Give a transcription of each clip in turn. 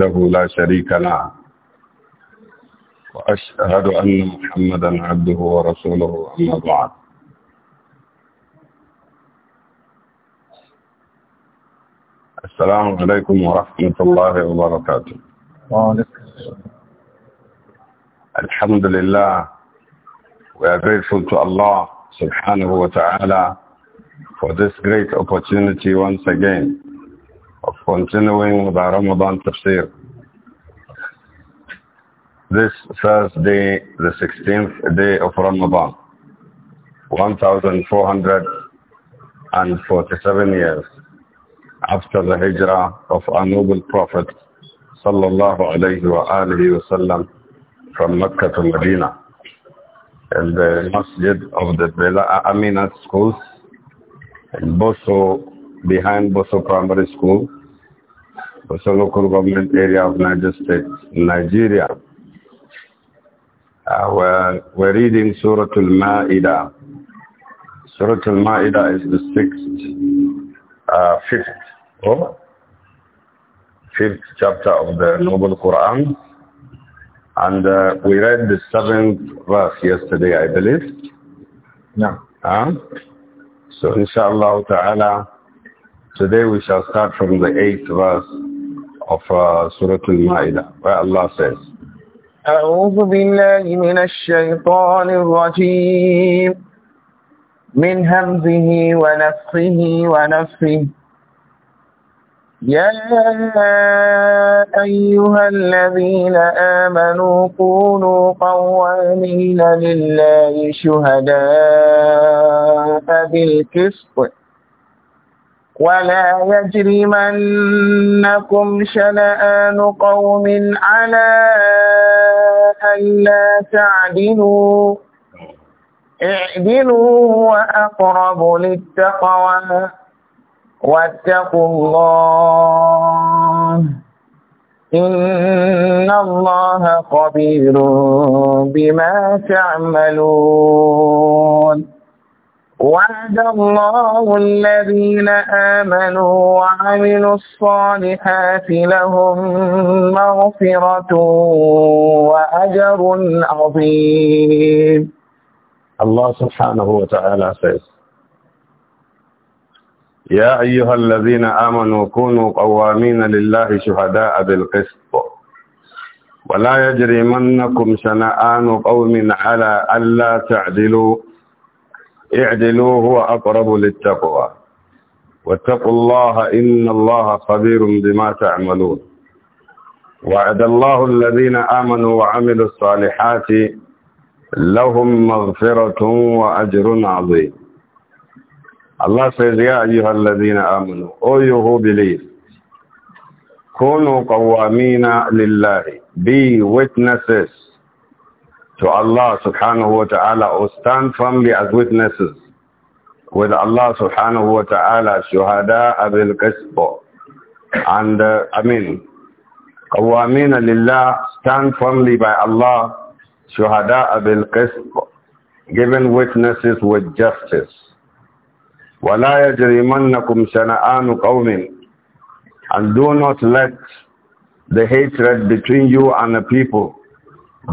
وحده لا شريك له وأشهد أن محمدا عبده ورسوله أما بعد السلام عليكم ورحمة الله وبركاته الحمد لله We are grateful to Allah subhanahu wa ta'ala for this great opportunity once again of continuing the Ramadan tafsir. This Thursday, the 16th day of Ramadan, 1447 years after the hijrah of our noble prophet sallallahu alayhi wa alihi wasallam from Mecca to Medina in the masjid of the Bela Aminat schools in Boso, behind Boso Primary School it's a local government area of Niger State, Nigeria. Uh, we're, we're reading Surah Al-Ma'idah. Surah Al-Ma'idah is the sixth, uh, fifth, oh, fifth chapter of the Noble Quran. And uh, we read the seventh verse yesterday, I believe. No. So inshallah ta'ala, today we shall start from the eighth verse of uh, Surah Al-Ma'idah, where Allah says, أعوذ بالله من الشيطان الرجيم من همزه ونفخه ونفخه يا أيها الذين آمنوا كونوا قوامين لله شهداء بالقسط ولا يجرمنكم شنآن قوم على ألا تعدلوا اعدلوا وأقرب للتقوى واتقوا الله إن الله خبير بما تعملون وعد الله الذين آمنوا وعملوا الصالحات لهم مغفرة وأجر عظيم الله سبحانه وتعالى says يا أيها الذين آمنوا كونوا قوامين لله شهداء بالقسط ولا يجرمنكم شنآن قوم على ألا تعدلوا اعدلوا هو أقرب للتقوى واتقوا الله إن الله خبير بما تعملون وعد الله الذين آمنوا وعملوا الصالحات لهم مغفرة وأجر عظيم الله says, يا أيها الذين آمنوا او you who believe كونوا قوامين لله Be witnesses to Allah subhanahu wa ta'ala or stand firmly as witnesses with Allah subhanahu wa ta'ala shuhada abil qisb and uh, I mean qawamina lillah stand firmly by Allah shuhada abil qisb giving witnesses with justice ولا يجرمنكم شنآن قوم and do not let the hatred between you and the people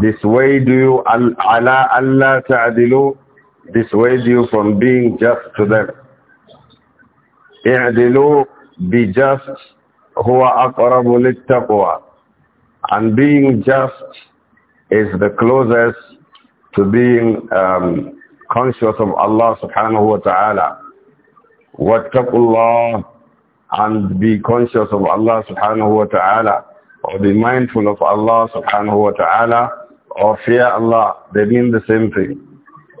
this way do you, ala Allah ta'adilu, dissuade you from being just to them. I'dilu, be just, huwa aqrabu littaqwa. And being just is the closest to being um, conscious of Allah subhanahu wa ta'ala. Wattaqullah and be conscious of Allah subhanahu wa ta'ala or be mindful of Allah subhanahu wa ta'ala or fear Allah, they mean the same thing.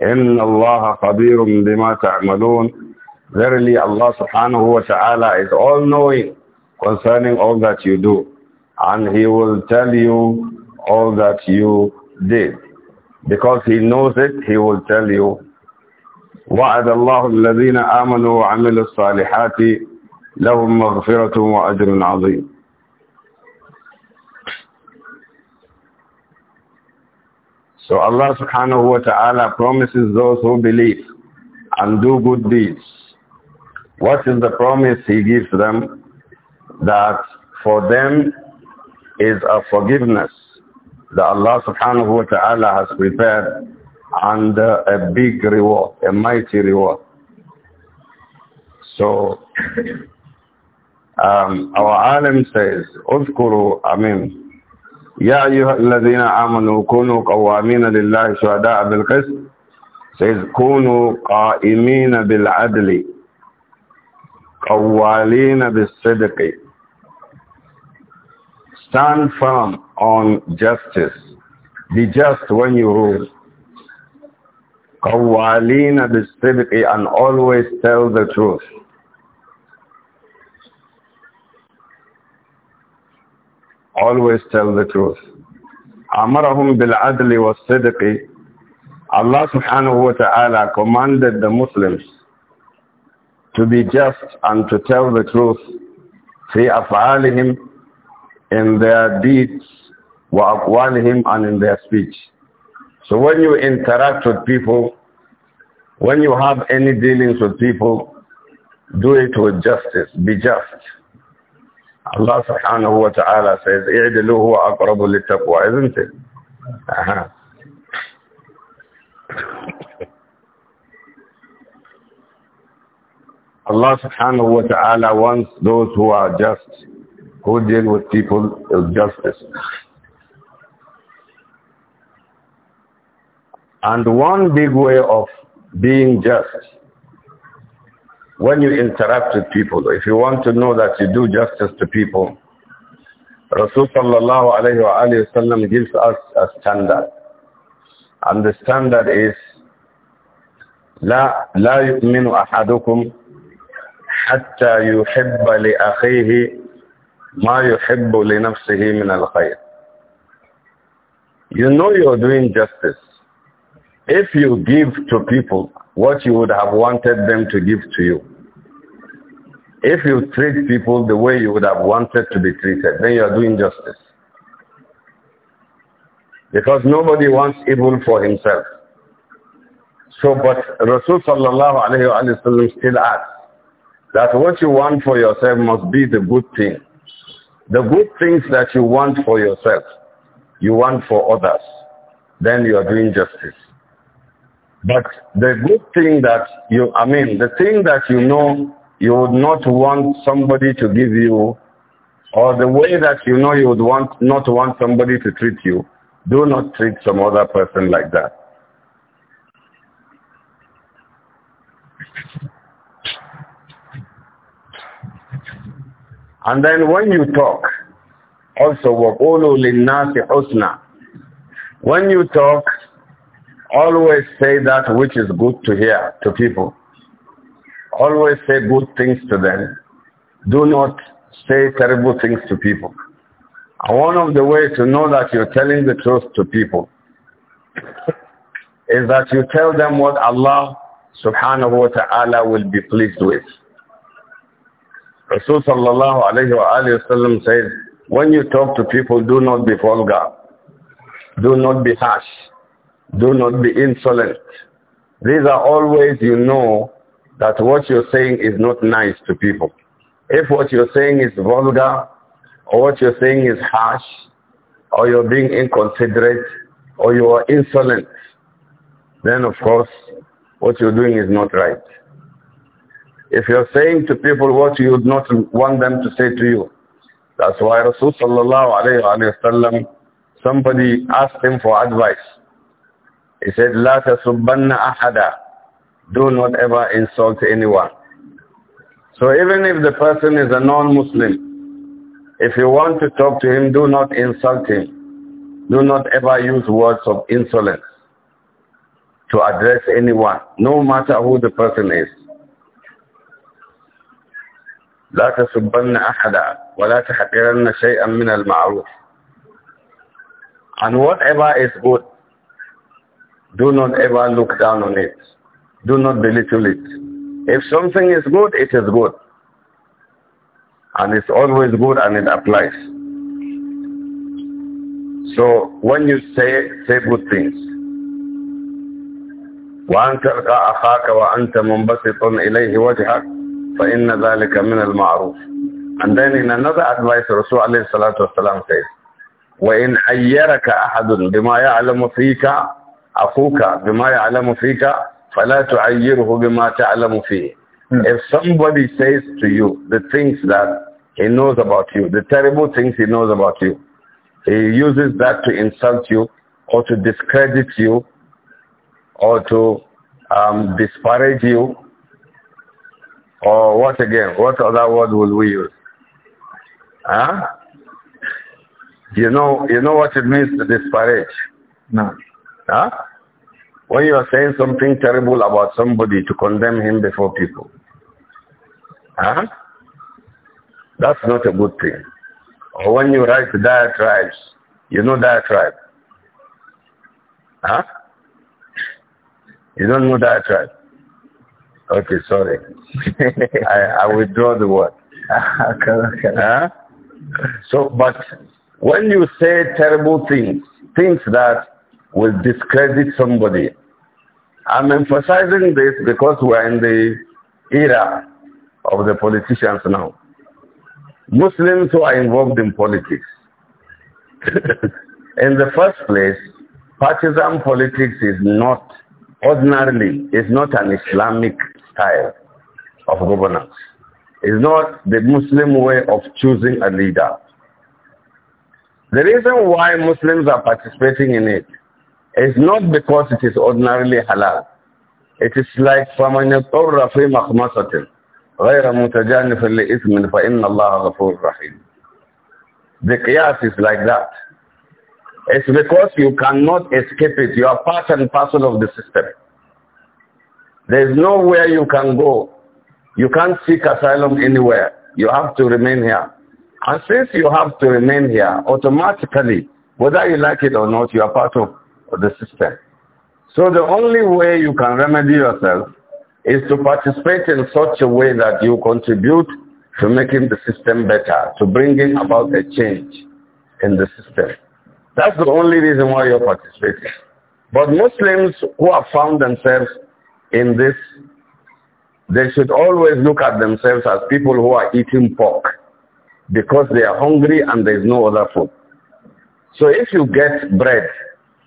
إِنَّ اللَّهَ خَبِيرٌ بِمَا تَعْمَلُونَ Verily Allah subhanahu wa ta'ala is all-knowing concerning all that you do. And He will tell you all that you did. Because He knows it, He will tell you. وَعَدَ اللَّهُ الَّذِينَ آمَنُوا وَعَمِلُوا الصَّالِحَاتِ لَهُمْ مَغْفِرَةٌ وَأَجْرٌ عَظِيمٌ So Allah subhanahu wa ta'ala promises those who believe and do good deeds. What is the promise he gives them? That for them is a forgiveness that Allah subhanahu wa ta'ala has prepared and a big reward, a mighty reward. So um, our alim says, أذكروا, I mean, يا أيها الذين آمنوا كونوا قوامين لله شهداء بالقسط says كونوا قائمين بالعدل قوالين بالصدق stand firm on justice be just when you rule قوالين بالصدق and always tell the truth always tell the truth. bil-adli أمرهم was والصدق Allah subhanahu wa ta'ala commanded the Muslims to be just and to tell the truth في أفعالهم in their deeds وأقوالهم and in their speech. So when you interact with people, when you have any dealings with people, do it with justice, be just. Allah subhanahu wa ta'ala says, اِعْدِلُوا هُوَ أَقْرَبُ لِلتَّقْوَى Isn't it? Uh -huh. Allah subhanahu wa ta'ala wants those who are just, who deal with people with justice. And one big way of being just when you interact with people, if you want to know that you do justice to people, Rasul sallallahu alayhi wa gives us a standard. And the standard is, لا, لا يؤمن أحدكم حتى يحب لأخيه ما يحب لنفسه من الخير. You know you're doing justice. If you give to people what you would have wanted them to give to you, if you treat people the way you would have wanted to be treated, then you are doing justice. Because nobody wants evil for himself. So, but Rasul sallallahu alayhi wa still asks that what you want for yourself must be the good thing. The good things that you want for yourself, you want for others, then you are doing justice. But the good thing that you, I mean, the thing that you know you would not want somebody to give you, or the way that you know you would want not want somebody to treat you, do not treat some other person like that. And then when you talk, also وَقُولُوا لِلنَّاسِ Husna. When you talk, always say that which is good to hear to people. Always say good things to them. Do not say terrible things to people. And one of the ways to know that you're telling the truth to people is that you tell them what Allah subhanahu wa ta'ala will be pleased with. Rasul sallallahu alayhi wa alayhi wa says, when you talk to people, do not be vulgar. Do not be harsh. Do not be insolent. These are always, you know that what you're saying is not nice to people. If what you're saying is vulgar, or what you're saying is harsh, or you're being inconsiderate, or you are insolent, then of course what you're doing is not right. If you're saying to people what you would not want them to say to you, that's why Rasul sallallahu alayhi wa sallam, somebody asked him for advice. He said, لا تسبن أحدا do not ever insult anyone. So even if the person is a non-Muslim, if you want to talk to him, do not insult him. Do not ever use words of insolence to address anyone, no matter who the person is. لا تسبن أحدا ولا تحقرن شيئا من المعروف And whatever is good, do not ever look down on it. Do not belittle it. If something is good, it is good. And it's always good and it applies. So when you say, say good things. وأن تلقى أخاك وأنت منبسط إليه وجهك فإن ذلك من المعروف. And then in another advice, Rasul alayhi salatu wasalam says, وإن أيرك أحد بما يعلم فيك أخوك بما يعلم فيك فَلَا تُعَيِّرْهُ بِمَا تَعْلَمُ فِيهِ hmm. If somebody says to you the things that he knows about you, the terrible things he knows about you, he uses that to insult you or to discredit you or to um, disparage you or what again? What other word would we use? Huh? You know, you know what it means to disparage? No. Huh? When you are saying something terrible about somebody to condemn him before people, huh? That's not a good thing. Or when you write diatribes, you know diatribe. Huh? You don't know diatribe. Okay, sorry. I, I withdraw the word. okay, okay. Huh? So, but when you say terrible things, things that will discredit somebody, I'm emphasizing this because we're in the era of the politicians now. Muslims who are involved in politics. in the first place, partisan politics is not, ordinarily, is not an Islamic style of governance. It's not the Muslim way of choosing a leader. The reason why Muslims are participating in it it's not because it is ordinarily halal. It is like فَمَنْ يَطْرَّ فِي مَخْمَصَةٍ غَيْرَ مُتَجَانِفٍ لِإِثْمٍ فَإِنَّ اللَّهَ غَفُورٌ رَحِيمٌ The qiyas is like that. It's because you cannot escape it. You are part and parcel of the system. There is nowhere you can go. You can't seek asylum anywhere. You have to remain here. And since you have to remain here, automatically, whether you like it or not, you are part of the system. So the only way you can remedy yourself is to participate in such a way that you contribute to making the system better, to bringing about a change in the system. That's the only reason why you're participating. But Muslims who have found themselves in this, they should always look at themselves as people who are eating pork because they are hungry and there is no other food. So if you get bread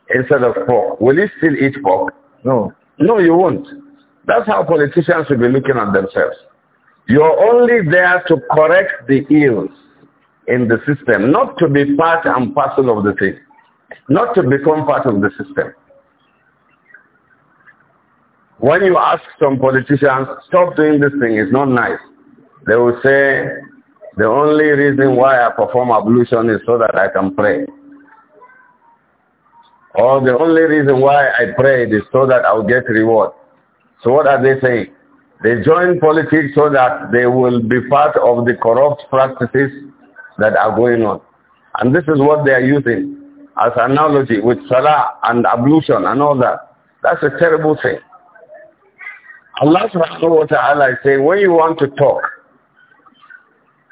instead of pork. Will you still eat pork? No. No, you won't. That's how politicians will be looking at themselves. You're only there to correct the ills in the system, not to be part and parcel of the thing, not to become part of the system. When you ask some politicians, stop doing this thing, it's not nice, they will say, the only reason why I perform ablution is so that I can pray. Or oh, the only reason why I prayed is so that I'll get reward. So what are they saying? They join politics so that they will be part of the corrupt practices that are going on. And this is what they are using as analogy with salah and ablution and all that. That's a terrible thing. Allah subhanahu wa ta'ala is saying, when you want to talk,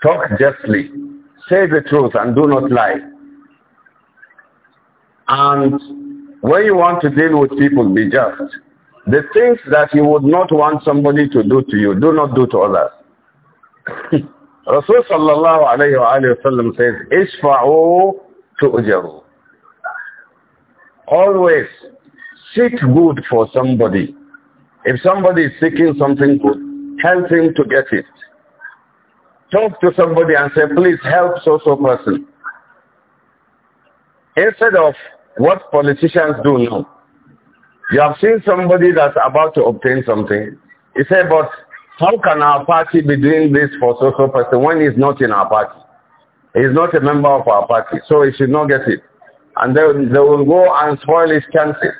talk justly. Say the truth and do not lie. And when you want to deal with people, be just. The things that you would not want somebody to do to you, do not do to others. Rasul sallallahu alayhi wa, alayhi wa sallam says, Ishfa'u tu'jaru. Always seek good for somebody. If somebody is seeking something good, help him to get it. Talk to somebody and say, please help so-so person. Instead of what politicians do now, you have seen somebody that's about to obtain something. He say, but how can our party be doing this for so-so person when he's not in our party? He's not a member of our party, so he should not get it. And they, they will go and spoil his chances.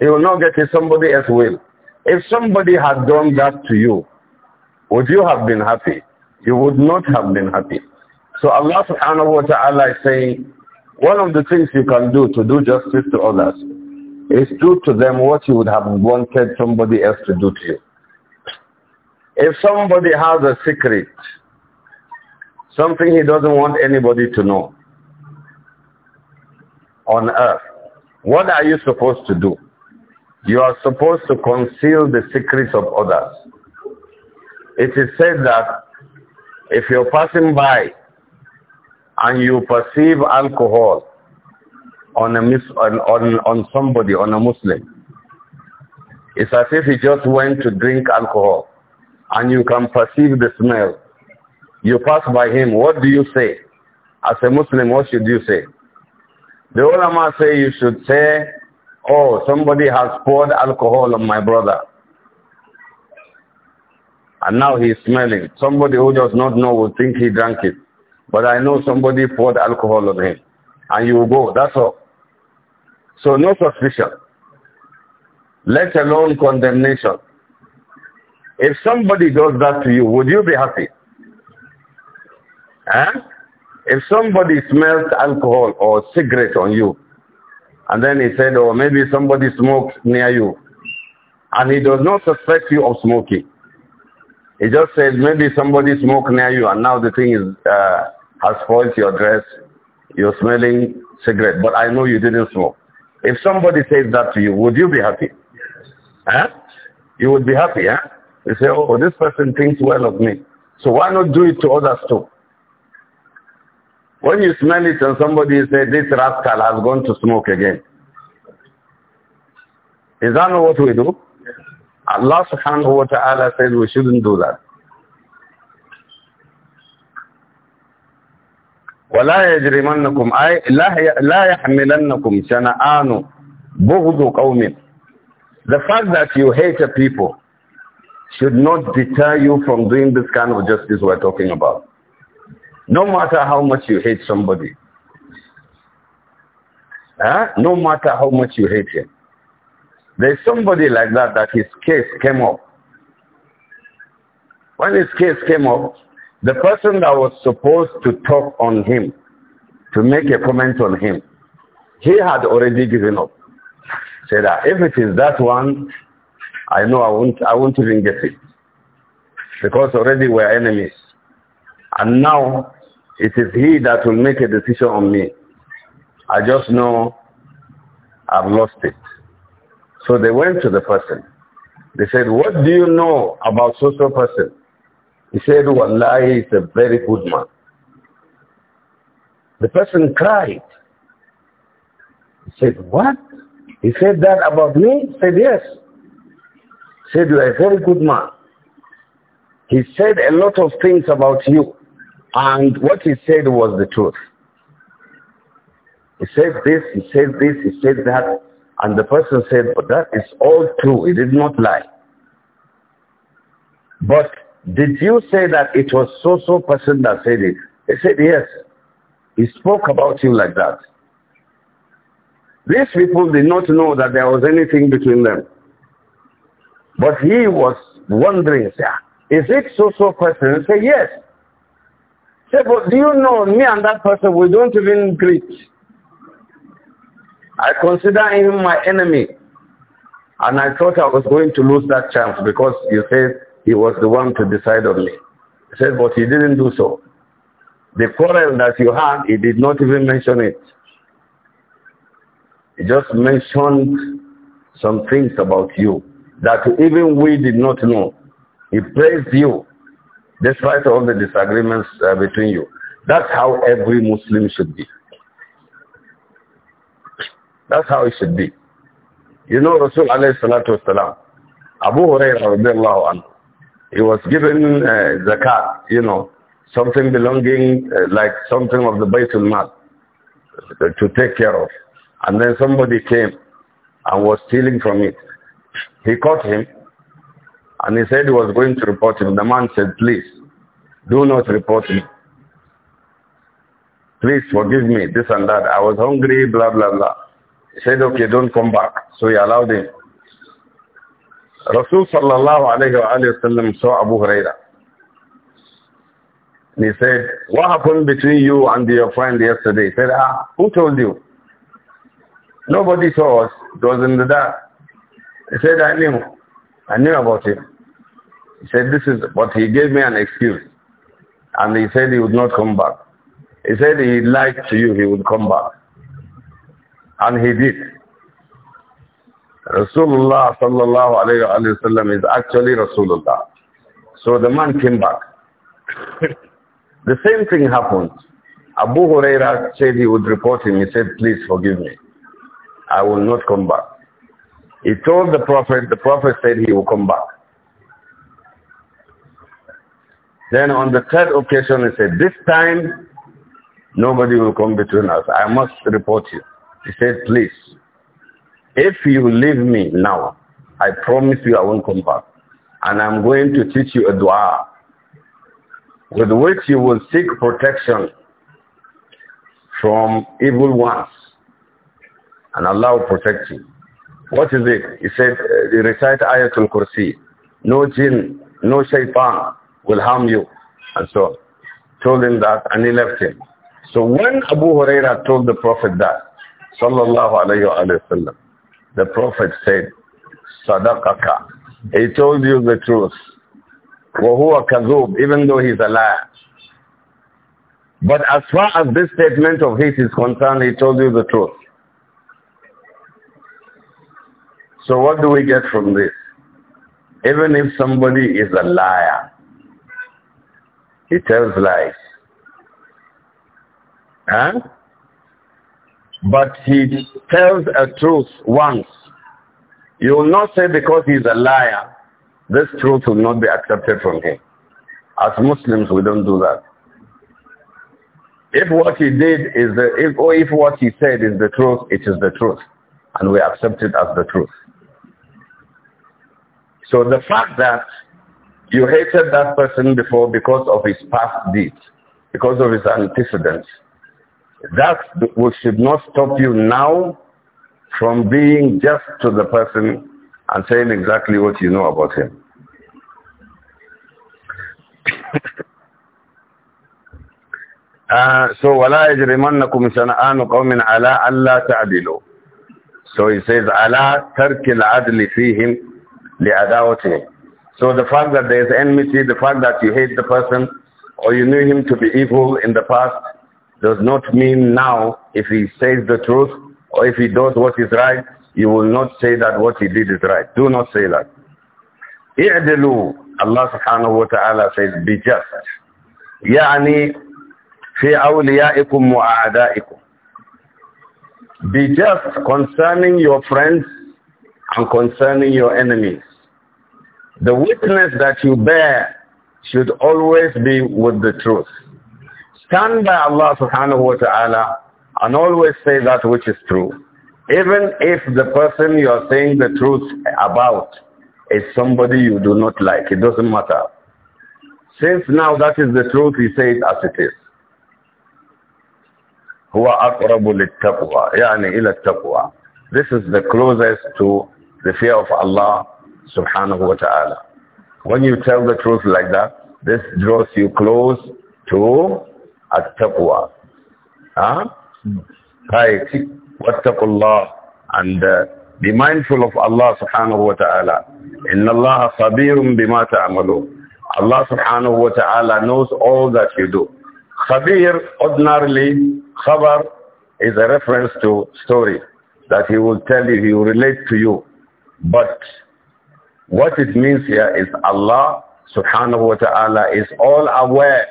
He will not get it, somebody else will. If somebody had done that to you, would you have been happy? You would not have been happy. So Allah subhanahu wa ta'ala is saying, one of the things you can do to do justice to others is do to them what you would have wanted somebody else to do to you. If somebody has a secret, something he doesn't want anybody to know on earth, what are you supposed to do? You are supposed to conceal the secrets of others. It is said that if you're passing by and you perceive alcohol on a mis on, on, on somebody, on a Muslim, it's as if he just went to drink alcohol and you can perceive the smell. You pass by him, what do you say? As a Muslim, what should you say? The ulama say you should say, oh, somebody has poured alcohol on my brother. And now he's smelling. Somebody who does not know will think he drank it. But I know somebody poured alcohol on him. And you go, that's all. So no suspicion. Let alone condemnation. If somebody does that to you, would you be happy? Huh? Eh? If somebody smells alcohol or cigarette on you, and then he said, or oh, maybe somebody smokes near you, and he does not suspect you of smoking. He just said, maybe somebody smoked near you, and now the thing is uh, has spoiled your dress, you're smelling cigarette, but I know you didn't smoke. If somebody says that to you, would you be happy? Huh? You would be happy, huh? You say, oh, this person thinks well of me. So why not do it to others too? When you smell it and somebody say, this rascal has gone to smoke again. Is that not what we do? Allah subhanahu wa ta'ala says we shouldn't do that. ولا يجرمنكم أي لا لا يحملنكم شنآن بغض قوم The fact that you hate a people should not deter you from doing this kind of justice we're talking about. No matter how much you hate somebody, huh? no matter how much you hate him, there's somebody like that that his case came up. When his case came up, the person that was supposed to talk on him, to make a comment on him, he had already given up. Said that if it is that one, I know I won't, I won't even get it. Because already we're enemies. And now it is he that will make a decision on me. I just know I've lost it. So they went to the person. They said, what do you know about social person? He said, Wallahi is a very good man. The person cried. He said, what? He said that about me? He said, yes. He said, you are a very good man. He said a lot of things about you. And what he said was the truth. He said this, he said this, he said that. And the person said, but that is all true. He did not lie. But did you say that it was so-so person that said it? He said, yes. He spoke about him like that. These people did not know that there was anything between them. But he was wondering, is it so-so person? He said, yes. He said, but do you know, me and that person, we don't even greet. I consider him my enemy. And I thought I was going to lose that chance because you said he was the one to decide on me. He said, but he didn't do so. The quarrel that you had, he did not even mention it. He just mentioned some things about you that even we did not know. He praised you despite all the disagreements uh, between you. That's how every Muslim should be. That's how it should be. You know Rasul alayhi salatu wasalam, Abu Hurairah radiallahu anhu, he was given uh, zakat, you know, something belonging uh, like something of the Baitul Mal to take care of. And then somebody came and was stealing from it. He caught him and he said he was going to report him. The man said, please, do not report me. Please forgive me, this and that. I was hungry, blah, blah, blah. He said, okay, don't come back. So he allowed him. صلى الله عليه وآله وسلم saw Abu Huraira. And he said, what happened between you and your friend yesterday? He said, ah, who told you? Nobody saw us. It was in the dark. He said, I knew. I knew about him. He said, this is, but he gave me an excuse. And he said he would not come back. He said he lied to you, he would come back. And he did. Rasulullah sallallahu alayhi wa sallam is actually Rasulullah. So the man came back. the same thing happened. Abu Huraira said he would report him. He said, please forgive me. I will not come back. He told the Prophet, the Prophet said he will come back. Then on the third occasion he said, this time nobody will come between us. I must report you. He said, please. If you leave me now, I promise you I won't come back. And I'm going to teach you a dua with which you will seek protection from evil ones. And Allah will protect you. What is it? He said, uh, recite Ayatul Kursi. No jinn, no shaitan will harm you. And so on. Told him that and he left him. So when Abu Huraira told the Prophet that, sallallahu alayhi wa sallam, the Prophet said, Sadaqaka. He told you the truth. وَهُوَ كَذُوب Even though he's a liar. But as far as this statement of his is concerned, he told you the truth. So what do we get from this? Even if somebody is a liar, he tells lies. Huh? but he tells a truth once, you will not say because he is a liar, this truth will not be accepted from him. As Muslims, we don't do that. If what he did is the, if, or if what he said is the truth, it is the truth. And we accept it as the truth. So the fact that you hated that person before because of his past deeds, because of his antecedents, that should not stop you now from being just to the person and saying exactly what you know about him. uh, so, وَلَا يَجْرِمَنَّكُمْ شَنَآنُ قَوْمٍ عَلَىٰ أَلَّا تَعْدِلُوا So he says, عَلَىٰ تَرْكِ الْعَدْلِ فِيهِمْ لِعَدَاوَتِهِمْ So the fact that there is enmity, the fact that you hate the person, or you knew him to be evil in the past, does not mean now if he says the truth or if he does what is right, you will not say that what he did is right. Do not say that. اعدلوا Allah subhanahu wa ta'ala says be just. يعني في أوليائكم وأعدائكم Be just concerning your friends and concerning your enemies. The witness that you bear should always be with the truth. Stand by Allah subhanahu wa ta'ala and always say that which is true. Even if the person you are saying the truth about is somebody you do not like, it doesn't matter. Since now that is the truth, he says as it is. هو أقرب للتقوى يعني إلى التقوى This is the closest to the fear of Allah subhanahu wa ta'ala. When you tell the truth like that, this draws you close to at-taqwa. Huh? Right. What الله and uh, be mindful of Allah subhanahu wa ta'ala. إِنَّ اللَّهَ خَبِيرٌ بِمَا Allah subhanahu wa ta'ala knows all that you do. Khabir, ordinarily, khabar is a reference to story that he will tell you, he will relate to you. But what it means here is Allah subhanahu wa ta'ala is all aware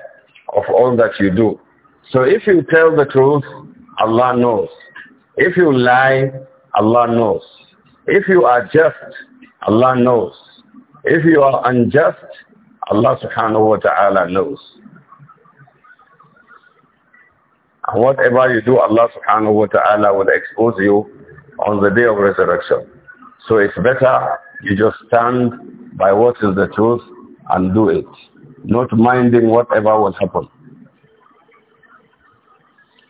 of all that you do. So if you tell the truth, Allah knows. If you lie, Allah knows. If you are just, Allah knows. If you are unjust, Allah subhanahu wa ta'ala knows. And whatever you do, Allah subhanahu wa ta'ala will expose you on the day of resurrection. So it's better you just stand by what is the truth and do it. not minding whatever will happen.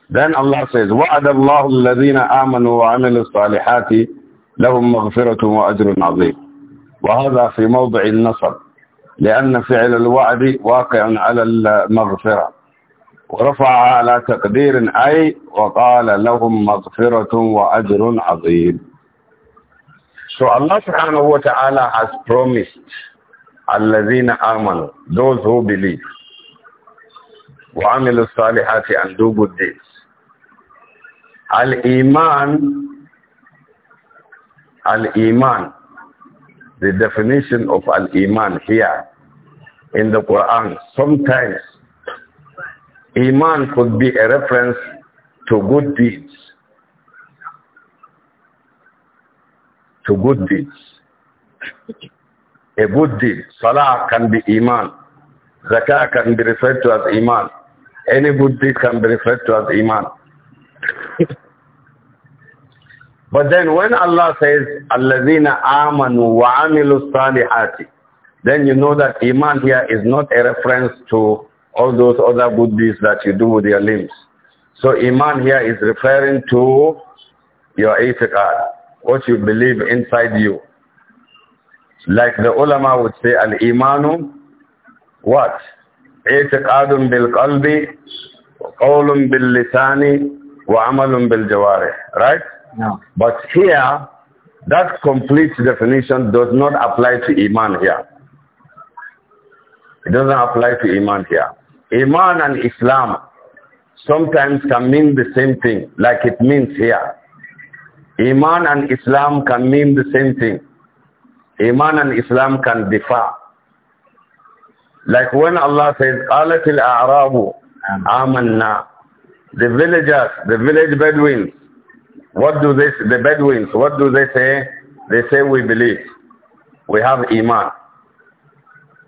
Then Allah says, وَعَدَ اللَّهُ الَّذِينَ آمَنُوا وَعَمِلُوا الصَّالِحَاتِ لَهُمْ مَغْفِرَةٌ وَأَجْرٌ عَظِيمٌ وهذا في موضع النصب لأن فعل الوعد واقع على المغفرة ورفع على تقدير أي وقال لهم مغفرة وأجر عظيم So Allah subhanahu wa ta'ala has promised Allazina amanu, those who believe. وَعَمِلُوا الصَّالِحَاتِ and do good deeds. Al-Iman, Al-Iman, the definition of Al-Iman here in the Quran, sometimes Iman could be a reference to good deeds. To good deeds. A good deed. Salah can be Iman. Zakah can be referred to as Iman. Any good deed can be referred to as Iman. but then when Allah says, Allazina amanu wa amilu salihati, then you know that Iman here is not a reference to all those other good deeds that you do with your limbs. So Iman here is referring to your itiqad, what you believe inside you. Like the ulama would say, al-imanu, what? bil بالقلب wa باللسان bil بالجوارح right no. but here that complete definition does not apply to iman here it doesn't apply to iman here iman and islam sometimes can mean the same thing like it means here iman and islam can mean the same thing Iman and Islam can differ. Like when Allah says, قَالَتِ الْأَعْرَابُ آمَنَّا The villagers, the village Bedouins, what do they, the Bedouins, what do they say? They say we believe. We have Iman.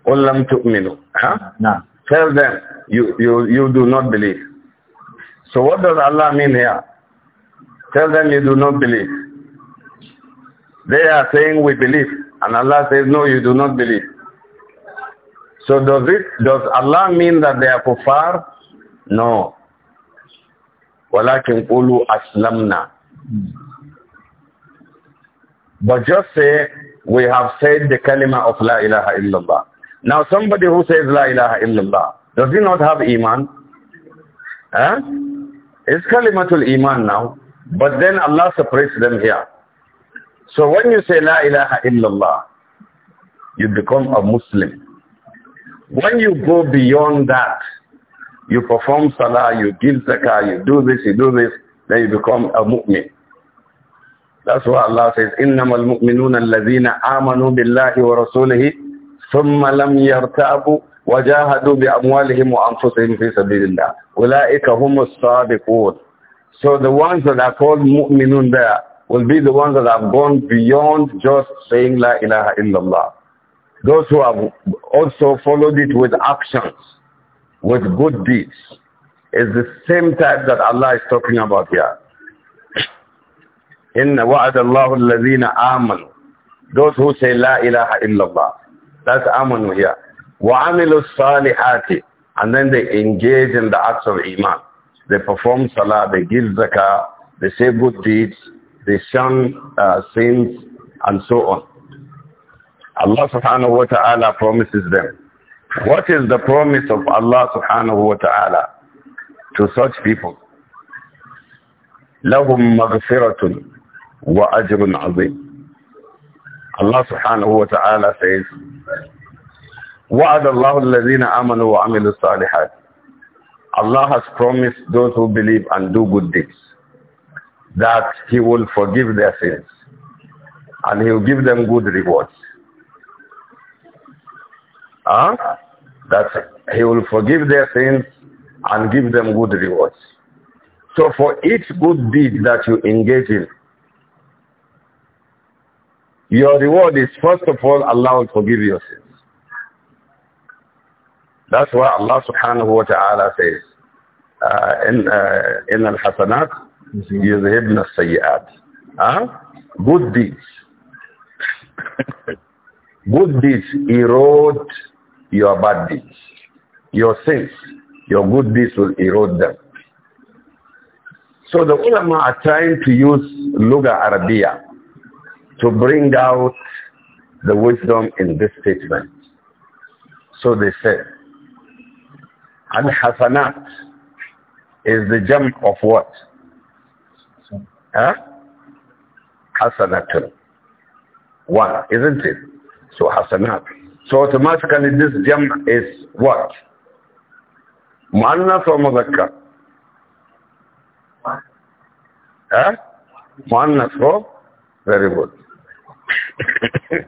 أُلَّمْ tuqminu. Tell them, you, you, you do not believe. So what does Allah mean here? Tell them you do not believe. They are saying we believe. And Allah says, no, you do not believe. So does it, does Allah mean that they are kuffar? No. وَلَكِنْ قُولُوا أَسْلَمْنَا But just say, we have said the kalima of La ilaha illallah. Now somebody who says La ilaha illallah, does he not have iman? Huh? It's kalimatul iman now. But then Allah separates them here. So when you say La ilaha illallah, you become a Muslim. When you go beyond that, you perform salah, you give zakah, you do this, you do this, then you become a mu'min. That's why Allah says, إِنَّمَا الْمُؤْمِنُونَ الَّذِينَ آمَنُوا بِاللَّهِ وَرَسُولِهِ ثُمَّ لَمْ يَرْتَابُوا وَجَاهَدُوا بِأَمْوَالِهِمْ وَأَنفُسِهِمْ فِي سَبِيلِ اللَّهِ أُولَٰئِكَ هُمُ الصَّادِقُونَ So the ones that are called mu'minun there, will be the ones that have gone beyond just saying La ilaha illallah. Those who have also followed it with actions, with good deeds, is the same type that Allah is talking about here. إِنَّ وَعَدَ اللَّهُ الَّذِينَ آمَنُوا Those who say La ilaha illallah. That's amanu here. وَعَمِلُوا الصَّالِحَاتِ And then they engage in the acts of iman. They perform salah, they give zakah, they say good deeds, they shun uh, sins and so on. Allah subhanahu wa ta'ala promises them. What is the promise of Allah subhanahu wa ta'ala to such people? لهم مغفرة وأجر عظيم Allah subhanahu wa ta'ala says وعد الله الذين آمنوا وعملوا الصالحات Allah has promised those who believe and do good deeds that he will forgive their sins and he will give them good rewards. Huh? That he will forgive their sins and give them good rewards. So for each good deed that you engage in, your reward is first of all Allah will forgive your sins. That's why Allah subhanahu wa ta'ala says uh, in, uh, in al-hasanat يذهبن السيئات huh? good deeds good deeds erode your bad deeds your sins your good deeds will erode them so the ulama are trying to use Luga Arabia to bring out the wisdom in this statement. So they said, Al-Hasanat is the gem of what? Huh? Hasanatun. One, isn't it? So Hasanat. So automatically this jam is what? Muannas or Muzakkar? Huh? Muannas or? Very good.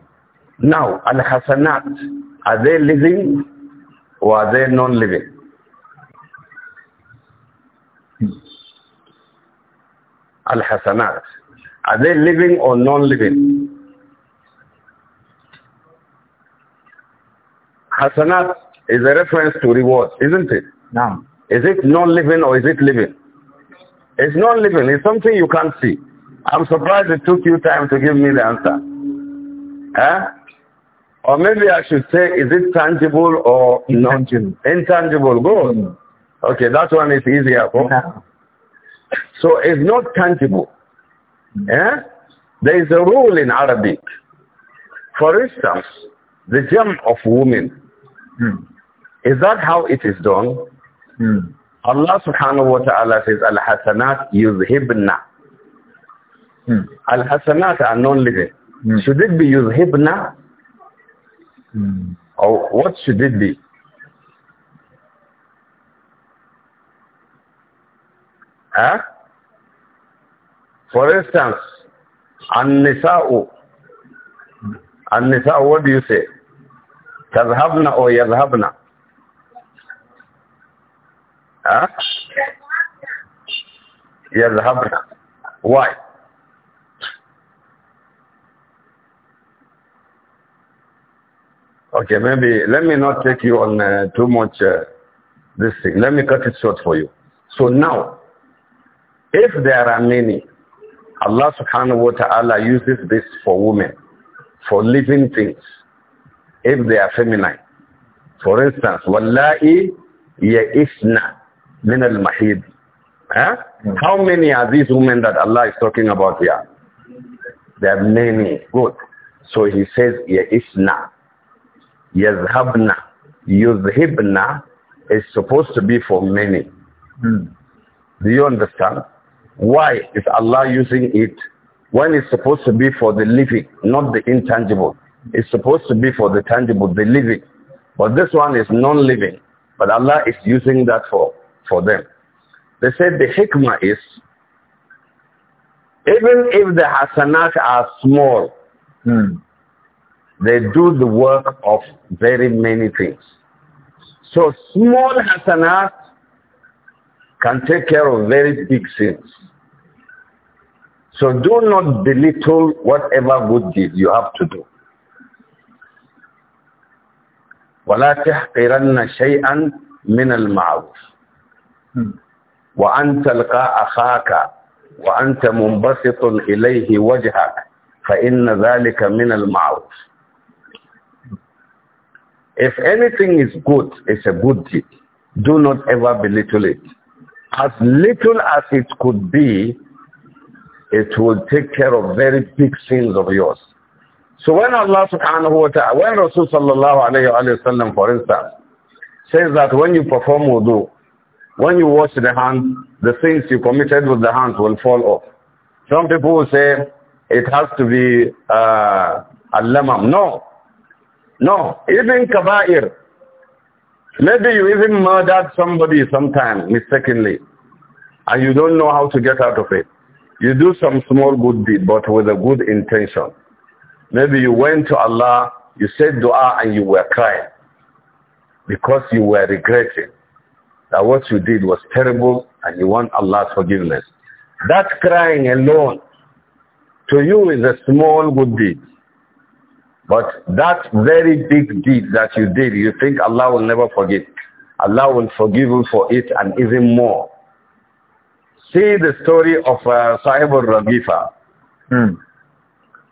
now, Al-Hasanat, are they living or are they non-living? al-hasanat? Are they living or non-living? Hasanat is a reference to reward, isn't it? No. Is it non-living or is it living? It's non-living. It's something you can't see. I'm surprised it took you time to give me the answer. Huh? Or maybe I should say, is it tangible or non Non intangible. Good. Hmm. Okay, that one is easier. Huh? So it's not tangible. Eh? There is a rule in Arabic. For instance, the jam of women. Hmm. Is that how it is done? Hmm. Allah subhanahu wa ta'ala says, Al-Hasanat yuzhibna. Hmm. Al-Hasanat are non-living. Hmm. Should it be yuzhibna? Or what should it be? Huh? For instance, An-Nisa'u. An-Nisa'u, what do you say? Tazhabna or Yazhabna? Huh? Yazhabna. Why? Okay, maybe, let me not take you on uh, too much uh, this thing. Let me cut it short for you. So now, if there are many, Allah subhanahu wa ta'ala uses this for women, for living things, if they are feminine. For instance, wallahi ya'isna min al-mahid. Hmm. How many are these women that Allah is talking about here? There are many. Good. So he says ya'isna, yazhabna, yuzhibna is supposed to be for many. Hmm. Do you understand? Why is Allah using it when it's supposed to be for the living, not the intangible? It's supposed to be for the tangible, the living. But this one is non-living. But Allah is using that for, for them. They said the hikmah is, even if the hasanat are small, hmm. they do the work of very many things. So small hasanat can take care of very big sins. So do not belittle whatever good deed you have to do. ولا تحقرن شيئا من hmm. أخاك وأنت منبسط إليه وجهك فإن ذلك من If anything is good, it's a good deed. Do not ever belittle it as little as it could be, it will take care of very big sins of yours. So when Allah subhanahu wa ta'ala, when Rasul sallallahu alayhi wa sallam, for instance, says that when you perform wudu, when you wash the hands, the sins you committed with the hands will fall off. Some people will say it has to be uh, al-lamam. No. No. Even kabair, Maybe you even murdered somebody sometime mistakenly and you don't know how to get out of it. You do some small good deed but with a good intention. Maybe you went to Allah, you said dua and you were crying because you were regretting that what you did was terrible and you want Allah's forgiveness. That crying alone to you is a small good deed. But that very big deed that you did, you think Allah will never forgive. Allah will forgive you for it and even more. See the story of uh, Sahib al-Ragifa. Hmm.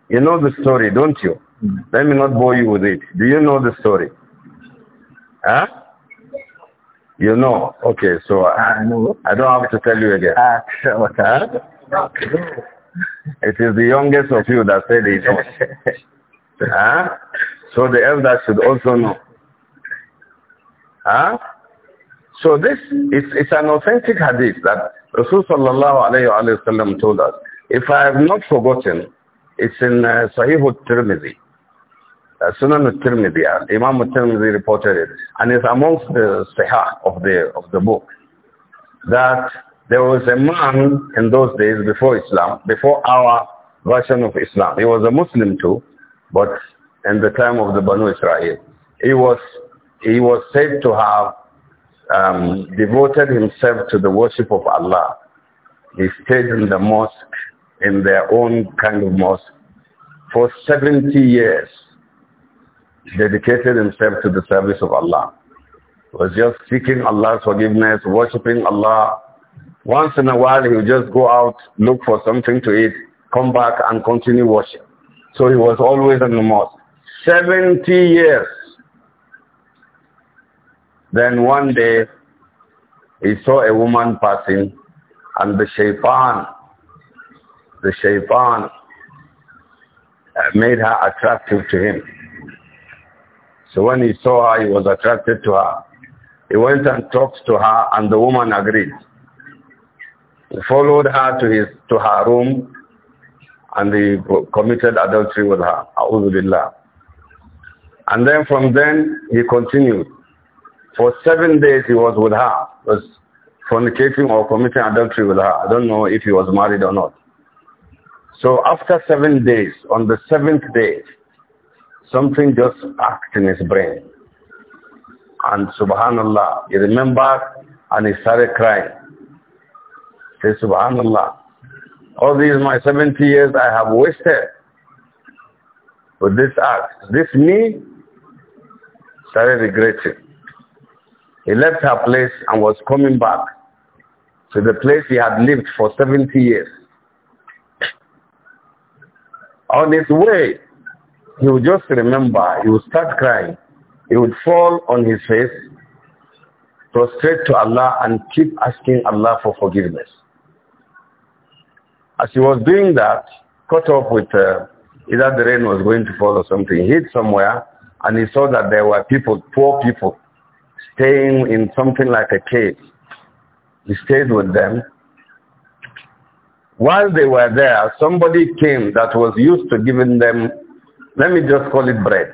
You know the story, don't you? Hmm. Let me not bore you with it. Do you know the story? Huh? You know. Okay, so uh, I, I don't have to tell you again. Ah, huh? It is the youngest of you that said it. Huh? So the elder should also know. Huh? So this is it's an authentic hadith that Rasulullah told us. If I have not forgotten, it's in uh, Sahih al-Tirmidhi. Uh, Sunan al-Tirmidhi, uh, Imam al-Tirmidhi reported it. And it's amongst the sahih of the, of the book that there was a man in those days before Islam, before our version of Islam. He was a Muslim too, but in the time of the Banu Israel. He was, he was said to have um, devoted himself to the worship of Allah. He stayed in the mosque, in their own kind of mosque, for 70 years, dedicated himself to the service of Allah. Was just seeking Allah's forgiveness, worshipping Allah. Once in a while, he would just go out, look for something to eat, come back and continue worship. So he was always in the mosque. 70 years. Then one day, he saw a woman passing and the shaitan, the shaitan uh, made her attractive to him. So when he saw her, he was attracted to her. He went and talked to her and the woman agreed. He followed her to his to her room and he committed adultery with her. A'udhu And then from then, he continued. For seven days he was with her, was fornicating or committing adultery with her. I don't know if he was married or not. So after seven days, on the seventh day, something just acted in his brain. And subhanallah, he remembered and he started crying. Say subhanallah, all these my 70 years I have wasted with this act. This me started regretting. He left her place and was coming back to the place he had lived for 70 years. On his way, he would just remember, he would start crying. He would fall on his face, prostrate to Allah and keep asking Allah for forgiveness. As he was doing that, caught up with uh, either the rain was going to fall or something, he somewhere and he saw that there were people, poor people, staying in something like a cave. He stayed with them. While they were there, somebody came that was used to giving them, let me just call it bread.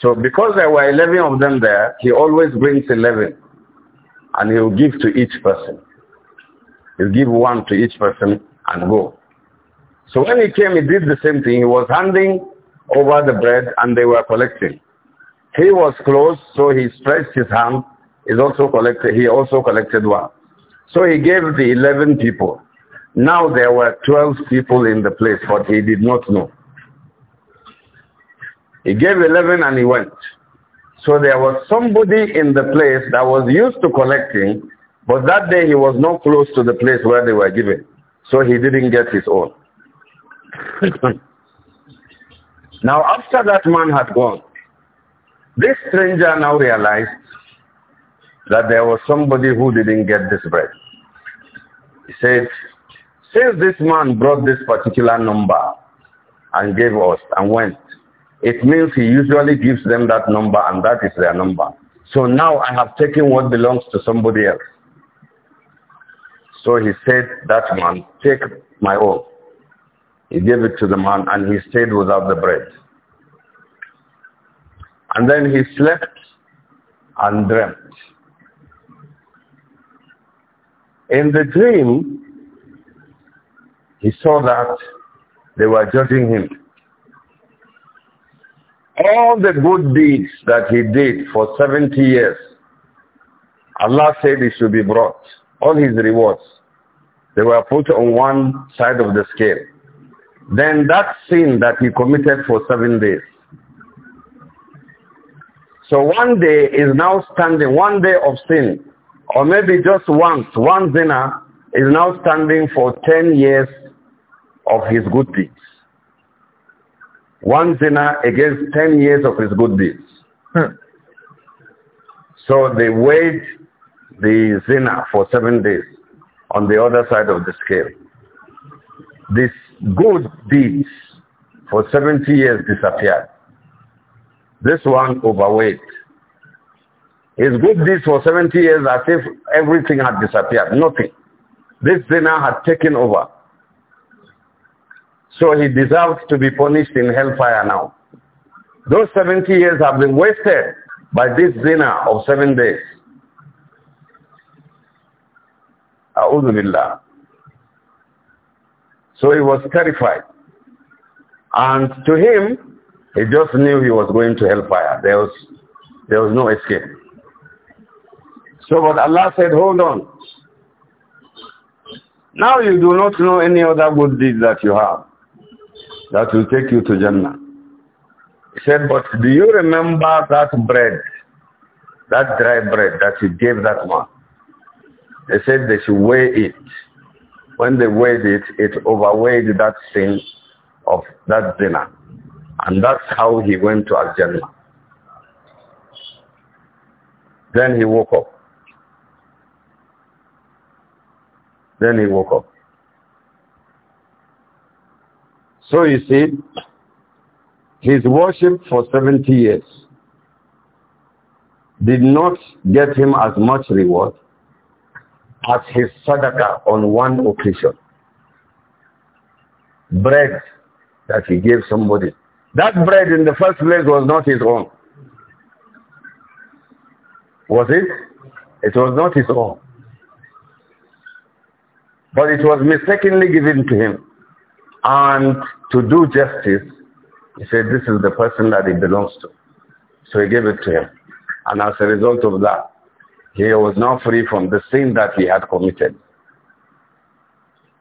So because there were 11 of them there, he always brings 11 and he will give to each person. You give one to each person and go. So when he came, he did the same thing. He was handing over the bread and they were collecting. He was close, so he stretched his hand. He's also collected, he also collected one. So he gave the 11 people. Now there were 12 people in the place, but he did not know. He gave 11 and he went. So there was somebody in the place that was used to collecting but that day he was not close to the place where they were given. So he didn't get his own. now after that man had gone, this stranger now realized that there was somebody who didn't get this bread. He said, since this man brought this particular number and gave us and went, it means he usually gives them that number and that is their number. So now I have taken what belongs to somebody else. So he said, that man, take my oath. He gave it to the man and he stayed without the bread. And then he slept and dreamt. In the dream, he saw that they were judging him. All the good deeds that he did for 70 years, Allah said he should be brought, all his rewards. They were put on one side of the scale. Then that sin that he committed for seven days. So one day is now standing, one day of sin, or maybe just once, one zina is now standing for 10 years of his good deeds. One zina against 10 years of his good deeds. Hmm. So they weighed the zina for seven days on the other side of the scale. This good deeds for 70 years disappeared. This one overweight. His good deeds for 70 years as if everything had disappeared. Nothing. This sinner had taken over. So he deserves to be punished in hellfire now. Those 70 years have been wasted by this zina of seven days. A'udhu So he was terrified. And to him, he just knew he was going to hellfire. There was, there was no escape. So but Allah said, hold on. Now you do not know any other good deed that you have that will take you to Jannah. He said, but do you remember that bread, that dry bread that you gave that man? They said they should weigh it. When they weighed it, it overweighed that sin of that dinner. And that's how he went to al Then he woke up. Then he woke up. So you see, his worship for 70 years did not get him as much reward as his sadaqah on one occasion. Bread that he gave somebody. That bread in the first place was not his own. Was it? It was not his own. But it was mistakenly given to him. And to do justice, he said, this is the person that it belongs to. So he gave it to him. And as a result of that, he was now free from the sin that he had committed.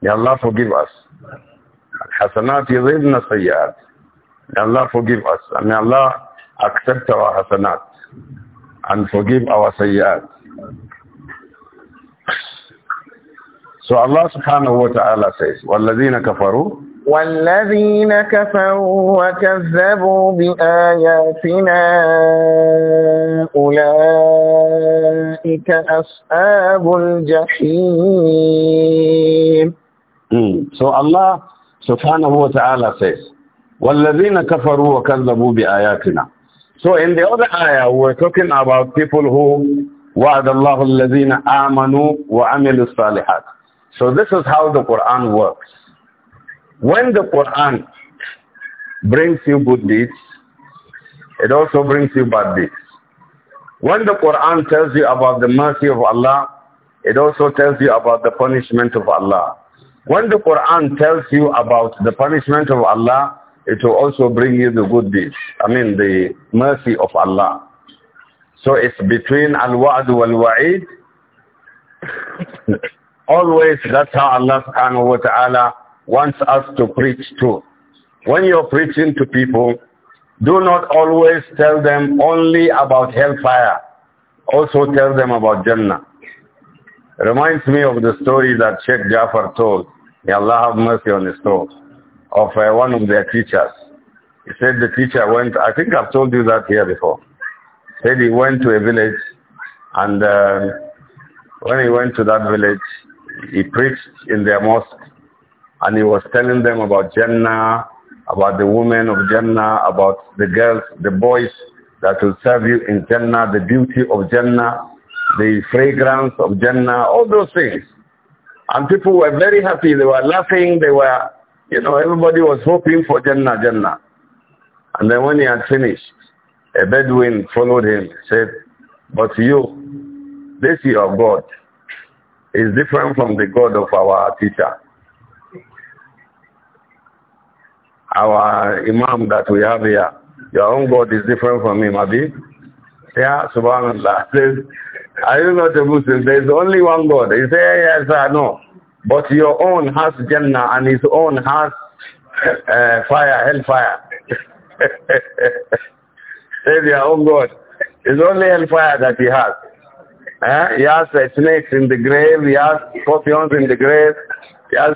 May Allah forgive us. Hasanat yadhibna sayyat. May Allah forgive us. And may Allah accept our hasanat and forgive our sayyat. So Allah subhanahu wa ta'ala says, وَالَّذِينَ كَفَرُوا والذين كفروا وكذبوا بآياتنا أولئك أصحاب الجحيم hmm. So Allah سبحانه وتعالى says, وَالَّذِينَ كَفَرُوا وَكَذَّبُوا بِآيَاتِنَا So in the other ayah, we're talking about people who وَعَدَ اللَّهُ الَّذِينَ آمَنُوا وَعَمِلُوا الصَّالِحَاتِ So this is how the Quran works. When the Quran brings you good deeds, it also brings you bad deeds. When the Quran tells you about the mercy of Allah, it also tells you about the punishment of Allah. When the Quran tells you about the punishment of Allah, it will also bring you the good deeds. I mean the mercy of Allah. So it's between al-wa'd wal-wa'id. Always that's how Allah subhanahu wa ta'ala wants us to preach to. When you're preaching to people, do not always tell them only about hellfire. Also tell them about Jannah. Reminds me of the story that Sheikh Jafar told. May Allah have mercy on his soul. Of uh, one of their teachers. He said the teacher went, I think I've told you that here before. Said he went to a village and uh, when he went to that village, he preached in their mosque and he was telling them about Jannah, about the women of Jannah, about the girls, the boys that will serve you in Jannah, the beauty of Jannah, the fragrance of Jannah, all those things. And people were very happy. They were laughing. They were, you know, everybody was hoping for Jannah, Jannah. And then when he had finished, a Bedouin followed him, said, but you, this your God is different from the God of our teacher. our imam that we have here. Your own God is different from him, Abi. Yeah, subhanAllah. Says, are you not a Muslim? There is only one God. He says, yes, I know. But your own has Jannah and his own has uh, fire, hellfire. Says your own God. It's only hellfire that he has. Eh? He has uh, snakes in the grave. He has scorpions in the grave. He has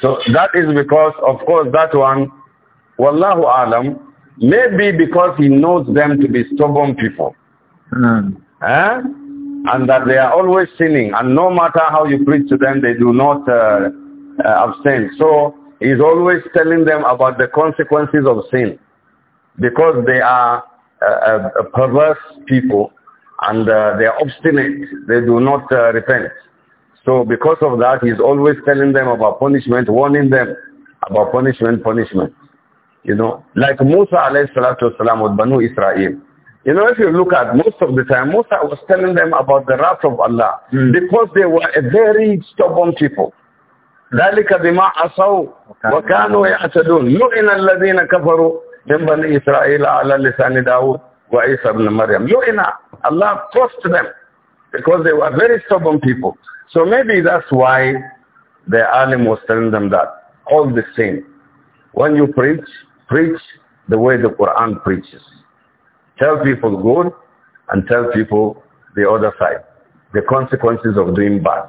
so that is because, of course, that one, Wallahu Alam, maybe because he knows them to be stubborn people. Mm. Eh? And that they are always sinning. And no matter how you preach to them, they do not uh, uh, abstain. So he's always telling them about the consequences of sin. Because they are uh, uh perverse people and uh, they are obstinate. They do not uh, repent. So because of that, he's always telling them about punishment, warning them about punishment, punishment. You know, like Musa alayhi salatu wasalam with Banu Israel. You know, if you look at most of the time, Musa was telling them about the wrath of Allah mm. because they were a very stubborn people. ذلك بما عصوا وكانوا يعتدون لئن الذين كفروا من بني إسرائيل على لسان داود وعيسى بن مريم لئن Allah cursed them because they were very stubborn people so maybe that's why the alim was telling them that. All the same, when you preach, preach the way the Quran preaches. Tell people good and tell people the other side, the consequences of doing bad.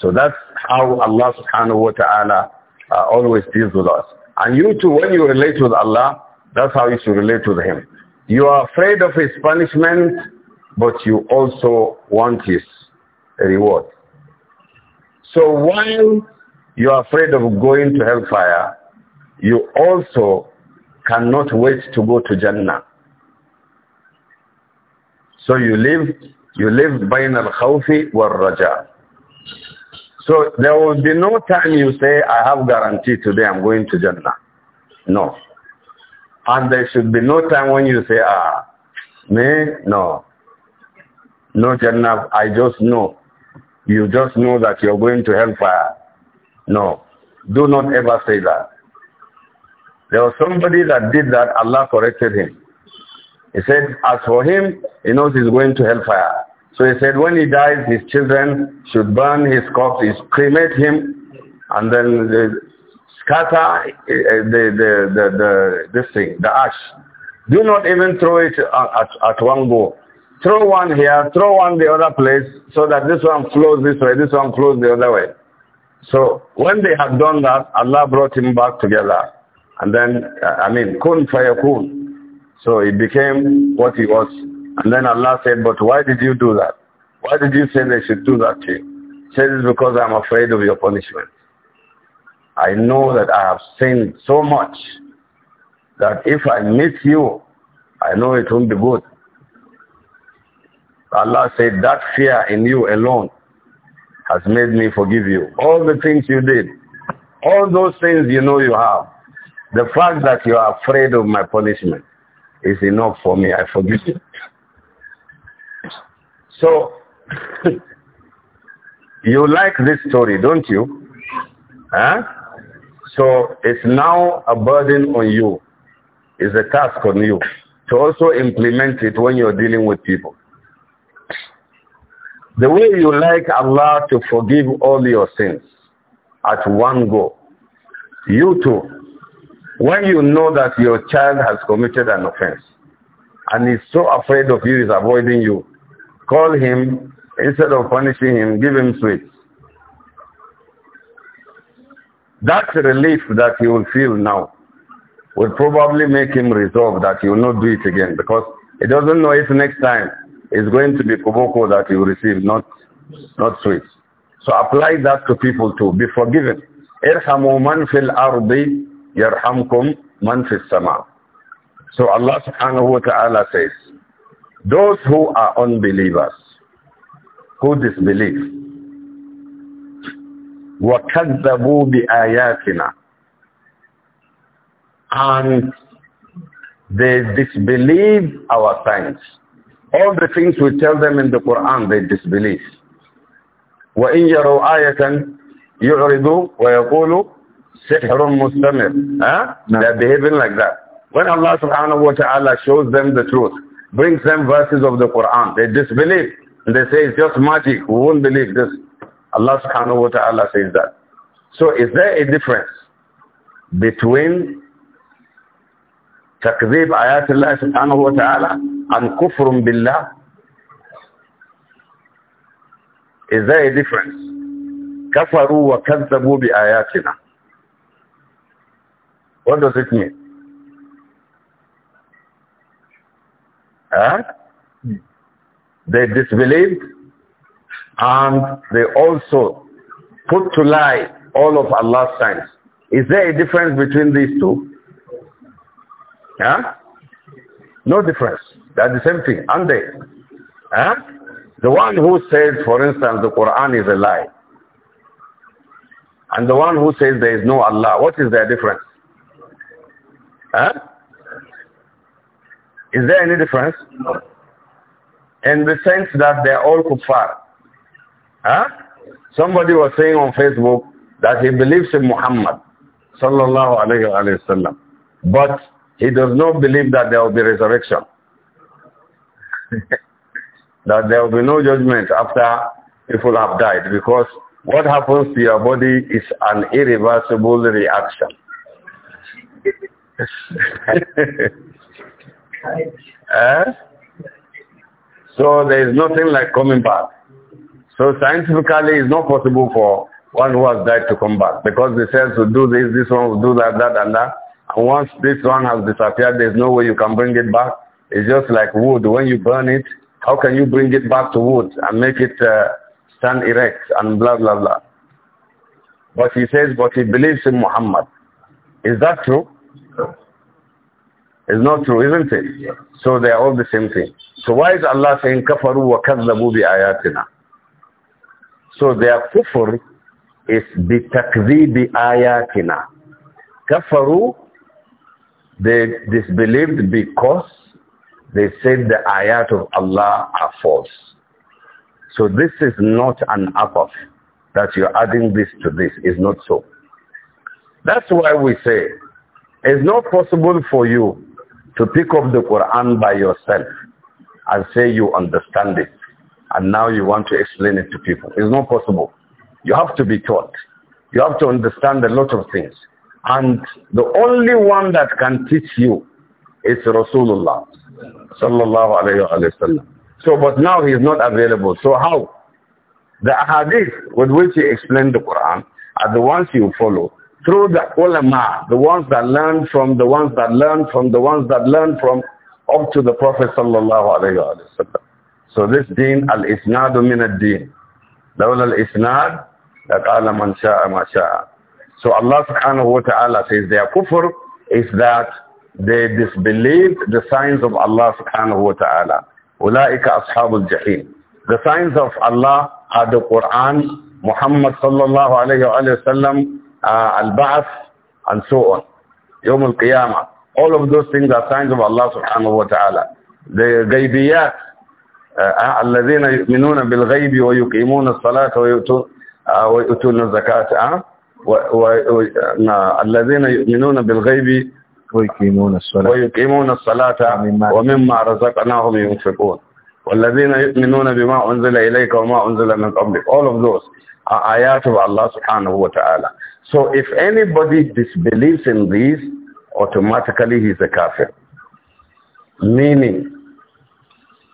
So that's how Allah subhanahu wa ta'ala uh, always deals with us. And you too, when you relate with Allah, that's how you should relate with Him. You are afraid of His punishment, but you also want His reward. So while you're afraid of going to hellfire, you also cannot wait to go to Jannah. So you live, you live bain al-khawfi wal-raja. So there will be no time you say, I have guarantee today I'm going to Jannah. No. And there should be no time when you say, ah, me? No. No Jannah, I just know. You just know that you're going to hellfire. No. Do not ever say that. There was somebody that did that, Allah corrected him. He said, as for him, he knows he's going to hellfire. So he said, when he dies, his children should burn his corpse, cremate him, and then scatter eh, the, the, the, the, this thing, the ash. Do not even throw it at, at one go. Throw one here, throw one the other place, so that this one flows this way, this one flows the other way. So when they had done that, Allah brought him back together. And then, uh, I mean, kun fayakun. So he became what he was. And then Allah said, but why did you do that? Why did you say they should do that to you? He said, it's because I'm afraid of your punishment. I know that I have sinned so much that if I miss you, I know it won't be good. Allah said, that fear in you alone has made me forgive you. All the things you did, all those things you know you have, the fact that you are afraid of my punishment is enough for me. I forgive you. So, you like this story, don't you? Huh? So it's now a burden on you. It's a task on you to also implement it when you're dealing with people. The way you like Allah to forgive all your sins at one go. You too. When you know that your child has committed an offense and is so afraid of you, is avoiding you, call him, instead of punishing him, give him sweets. That relief that he will feel now will probably make him resolve that he will not do it again because he doesn't know if next time it's going to be koboko that you receive, not, not sweets. So apply that to people too. Be forgiven. man fil ardi yarhamkum man fil sama. So Allah subhanahu wa ta'ala says, those who are unbelievers, who disbelieve, وَكَذَّبُوا بِآيَاتِنَا And they disbelieve our signs. All the things we tell them in the Quran, they disbelieve. وَإِنْ يَرَوْا آيَةً يُعْرِضُوا وَيَقُولُوا سِحْرٌ مُسْتَمِرٌ huh? No. They're behaving like that. When Allah subhanahu wa ta'ala shows them the truth, brings them verses of the Quran, they disbelieve. And they say, it's just magic. We won't believe this. Allah subhanahu wa ta'ala says that. So is there a difference between تكذيب آيات الله سبحانه وتعالى عن كفر بالله Is there a difference? كفروا وكذبوا بآياتنا. What does it mean? Huh? They disbelieved and they also put to lie all of Allah's signs. Is there a difference between these two? Yeah, No difference. That's the same thing. And they. The one who says, for instance, the Quran is a lie, and the one who says there is no Allah, what is their difference? Huh? Is there any difference? No. In the sense that they are all kuffar. Huh? Somebody was saying on Facebook that he believes in Muhammad sallallahu alayhi wa sallam. But he does not believe that there will be resurrection. that there will be no judgment after people have died because what happens to your body is an irreversible reaction. eh? So there is nothing like coming back. So scientifically it's not possible for one who has died to come back because the cells will do this, this one will do that, that and that. Once this one has disappeared, there's no way you can bring it back. It's just like wood. When you burn it, how can you bring it back to wood and make it uh, stand erect and blah, blah, blah. But he says, but he believes in Muhammad. Is that true? It's not true, isn't it? So they are all the same thing. So why is Allah saying kafaru wa kazzabu bi ayatina? So their kufr is bi takzibi ayatina. Kafaru they disbelieved because they said the ayat of Allah are false. So this is not an apoph that you're adding this to this. is not so. That's why we say it's not possible for you to pick up the Quran by yourself and say you understand it and now you want to explain it to people. It's not possible. You have to be taught. You have to understand a lot of things. And the only one that can teach you is Rasulullah sallallahu alayhi wa So, but now he is not available. So how? The hadith with which he explained the Quran are the ones you follow through the ulama, the ones that learn from, the ones that learn from, the ones that learn from, up to the Prophet sallallahu alayhi wa sallam. So this deen, al-isnadu min ad-deen. لولا الإسناد لقال من شاء ما شاء so Allah subhanahu wa ta'ala says their kufr is that they disbelieved the signs of Allah subhanahu wa ta'ala. أُولَٰئِكَ أَصْحَابُ الْجَحِيمِ The signs of Allah are the Quran, Muhammad sallallahu alayhi wa sallam, uh, al-ba'ath, and so on. Yawm al-qiyamah. All of those things are signs of Allah subhanahu wa ta'ala. The ghaybiyat, الَّذِينَ يُؤْمِنُونَ بِالْغَيْبِ وَيُقِيمُونَ الصَّلَاةَ وَيُؤْتُونَ الزَّكَاةَ الذين يؤمنون بالغيب ويقيمون الصلاة ويقيمون الصلاة ومما رزقناهم ينفقون والذين يؤمنون بما أنزل إليك وما أنزل من قبلك all of those are آيات of Allah سبحانه وتعالى so if anybody disbelieves in these automatically he's a kafir meaning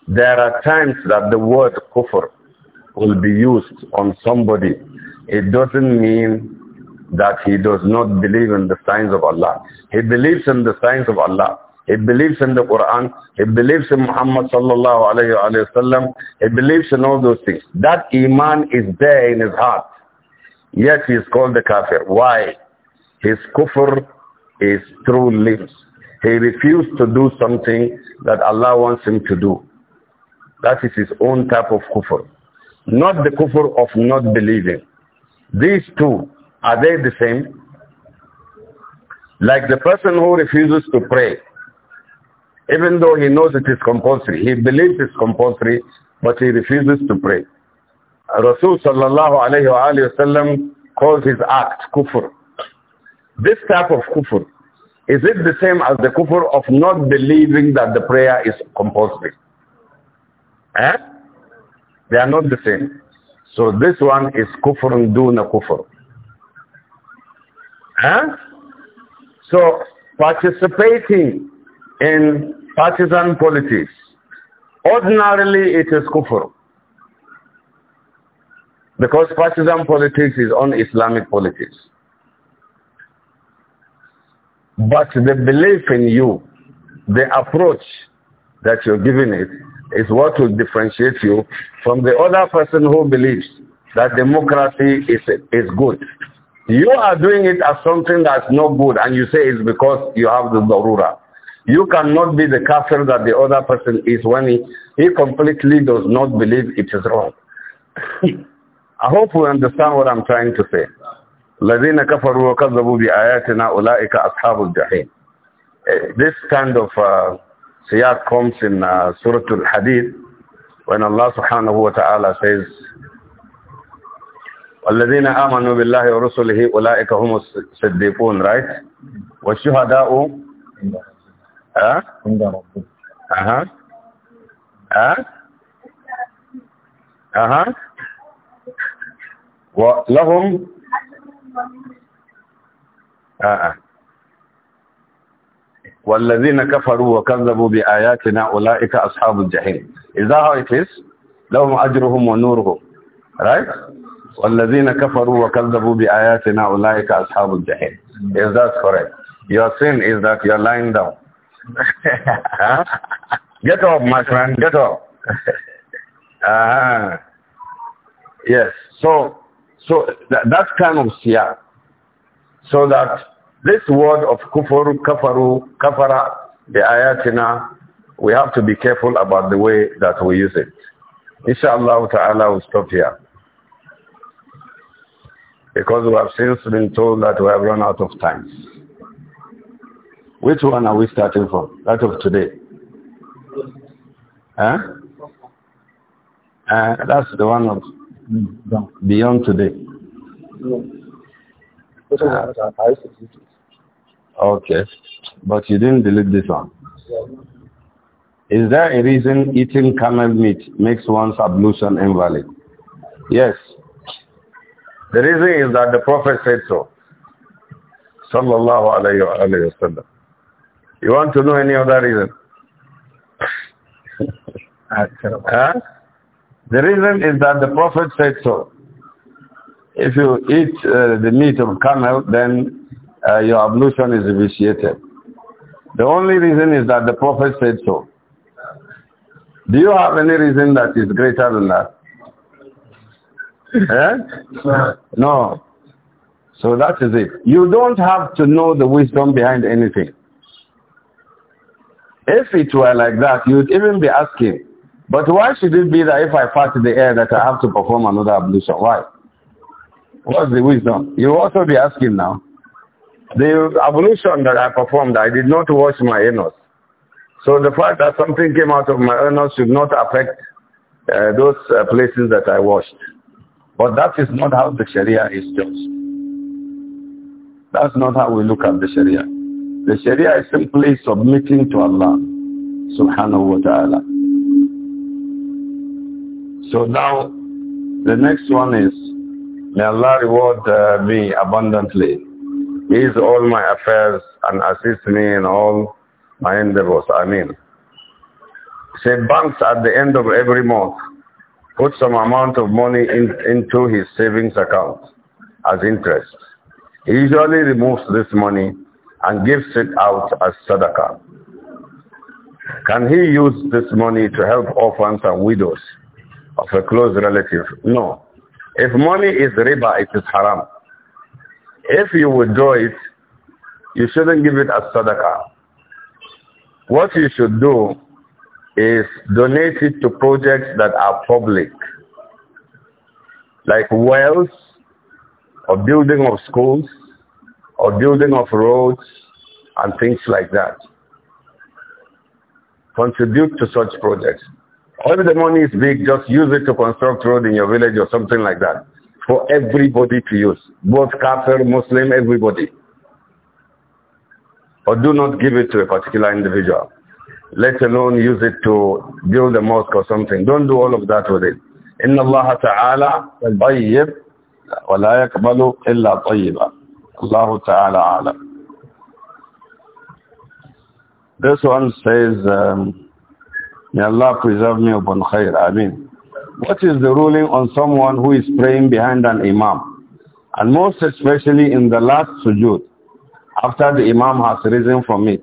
there are times that the word kufr will be used on somebody it doesn't mean that he does not believe in the signs of Allah. He believes in the signs of Allah. He believes in the Quran. He believes in Muhammad sallallahu alayhi wa sallam. He believes in all those things. That iman is there in his heart. Yet he is called the kafir. Why? His kufr is through lips. He refused to do something that Allah wants him to do. That is his own type of kufr. Not the kufr of not believing. These two, are they the same? Like the person who refuses to pray, even though he knows it is compulsory, he believes it's compulsory, but he refuses to pray. Rasul sallallahu alayhi wa, sallam, calls his act kufr. This type of kufr, is it the same as the kufr of not believing that the prayer is compulsory? Eh? They are not the same. So this one is kufr duna kufr. Huh? So participating in partisan politics, ordinarily it is kufr. Because partisan politics is un-Islamic politics. But the belief in you, the approach that you're giving it, is what will differentiate you from the other person who believes that democracy is, is good. You are doing it as something that's not good and you say it's because you have the darura. You cannot be the kafir that the other person is when he, he completely does not believe it is wrong. I hope you understand what I'm trying to say. الذين كفروا وكذبوا بآياتنا أولئك أصحاب الجحيم. This kind of uh, comes in uh, Surah Al-Hadid when Allah subhanahu wa ta'ala says والذين آمنوا بالله ورسله أولئك هم الصديقون right والشهداء ها ها ها ولهم آه،, أه والذين كفروا وكذبوا بآياتنا أولئك أصحاب الجحيم Is that how it is? لهم أجرهم ونورهم right وَالَّذِينَ كَفَرُوا وَكَذَّبُوا بِآيَاتِنَا أُولَٰئِكَ أَصْحَابُ الْجَحِيمِ Is that correct? Your sin is that you're lying down. get up, my friend, get up. uh -huh. Yes, so, so that, that's kind of siyah. So that this word of kufur, kafaru, kafara, the ayatina, we have to be careful about the way that we use it. Inshallah ta'ala, we'll stop here. Because we have since been told that we have run out of time. Which one are we starting from? That of today. Huh? Uh, that's the one of beyond today. Uh, okay. But you didn't delete this one. Is there a reason eating camel meat makes one's ablution invalid? Yes, the reason is that the Prophet said so. Sallallahu alayhi wa, sallam. You want to know any other reason? huh? The reason is that the Prophet said so. If you eat uh, the meat of camel, then uh, your ablution is vitiated. The only reason is that the Prophet said so. Do you have any reason that is greater than that? Eh? No. So that is it. You don't have to know the wisdom behind anything. If it were like that, you'd even be asking, but why should it be that if I fart in the air that I have to perform another ablution? Why? What's the wisdom? You also be asking now. The ablution that I performed, I did not wash my anus. So the fact that something came out of my anus should not affect uh, those uh, places that I washed. But that is not how the Sharia is judged. That's not how we look at the Sharia. The Sharia is simply submitting to Allah subhanahu wa ta'ala. So now the next one is May Allah reward uh, me abundantly. Ease all my affairs and assist me in all my endeavors. I mean, say banks at the end of every month put some amount of money in, into his savings account as interest. He usually removes this money and gives it out as sadaqah. Can he use this money to help orphans and widows of a close relative? No. If money is riba, it is haram. If you withdraw it, you shouldn't give it as sadaqah. What you should do is donated to projects that are public, like wells, or building of schools, or building of roads, and things like that. Contribute to such projects. All the money is big, just use it to construct road in your village or something like that. For everybody to use. Both Kafir, Muslim, everybody. Or do not give it to a particular individual let alone use it to build a mosque or something. Don't do all of that with it. إن الله تعالى طيب ولا يقبل إلا طيبا الله taala ala. This one says um, May Allah preserve me upon khair mean, What is the ruling on someone who is praying behind an imam and most especially in the last sujood after the imam has risen from it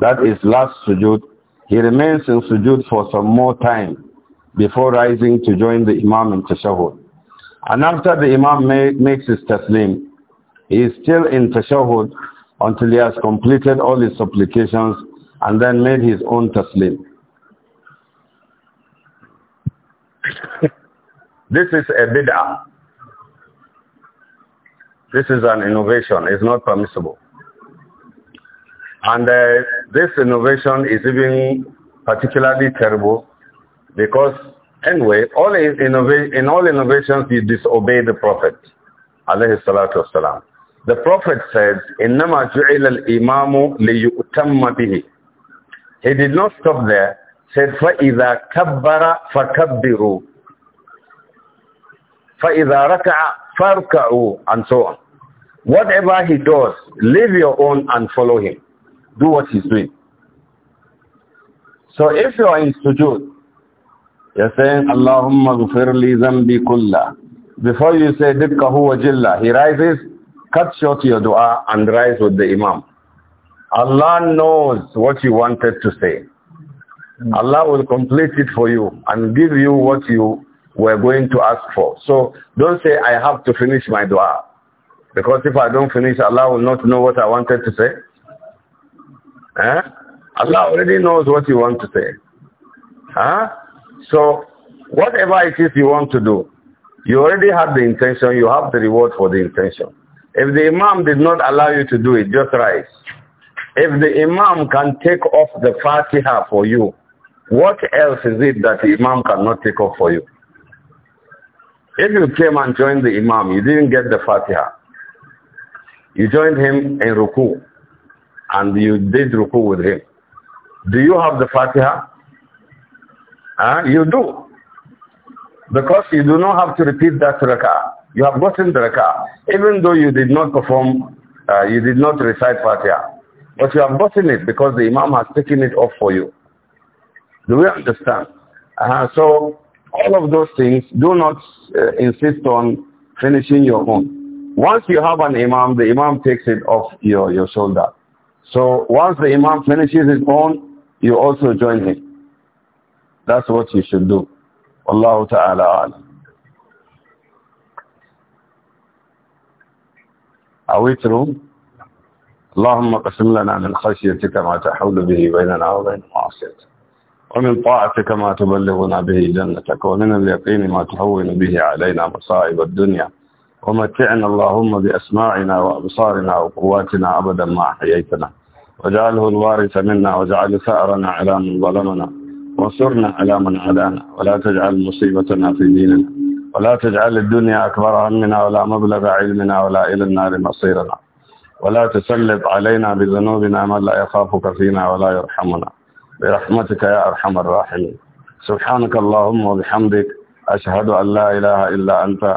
that is last sujud. he remains in sujud for some more time before rising to join the Imam in tashahud. And after the Imam makes his taslim, he is still in tashahud until he has completed all his supplications and then made his own taslim. this is a bid'ah. This is an innovation. It's not permissible. And uh, this innovation is even particularly terrible because anyway, all in, innova- in all innovations you disobey the Prophet. The Prophet said, إِنَّمَا جُعِلَ Imamu لِيُؤْتَمَّ He did not stop there. Said, فَإِذَا كَبَّرَ فَكَبِّرُوا فَإِذَا رَكَعَ فَارْكَعُوا And so on. Whatever he does, leave your own and follow him do what he's doing. So if you are in sujood, you're saying, Allahumma ghufirli zambi kulla. Before you say dibkahu wa jilla, he rises, cut short your dua and rise with the imam. Allah knows what you wanted to say. Allah will complete it for you and give you what you were going to ask for. So don't say, I have to finish my dua. Because if I don't finish, Allah will not know what I wanted to say. Eh? Allah already knows what you want to say. Huh? So whatever it is you want to do, you already have the intention, you have the reward for the intention. If the imam did not allow you to do it, just rise. If the imam can take off the fatiha for you, what else is it that the imam cannot take off for you? If you came and joined the imam, you didn't get the fatiha. You joined him in ruku and you did ruku with him. Do you have the Fatiha? Ah, You do. Because you do not have to repeat that rak'ah. You have gotten the rak'ah. Even though you did not perform, uh, you did not recite Fatiha. But you have gotten it because the Imam has taken it off for you. Do we understand? Uh, so all of those things, do not uh, insist on finishing your own. Once you have an Imam, the Imam takes it off your, your shoulder. So once the imam finishes his own, you also join him. That's what you should do. Allah Ta'ala alam. Are we through? اللهم قسم لنا من خشيتك ما تحول به بيننا وبين معصيتك ومن طاعتك ما تبلغنا به جنتك ومن اليقين ما تهون به علينا مصائب الدنيا ومتعنا اللهم بأسماعنا وأبصارنا وقواتنا أبدا ما أحييتنا واجعله الوارث منا واجعل ثأرنا على من ظلمنا وانصرنا على من عدانا ولا تجعل مصيبتنا في ديننا ولا تجعل الدنيا أكبر همنا ولا مبلغ علمنا ولا إلى النار مصيرنا ولا تسلط علينا بذنوبنا من لا يخافك فينا ولا يرحمنا برحمتك يا أرحم الراحمين سبحانك اللهم وبحمدك أشهد أن لا إله إلا أنت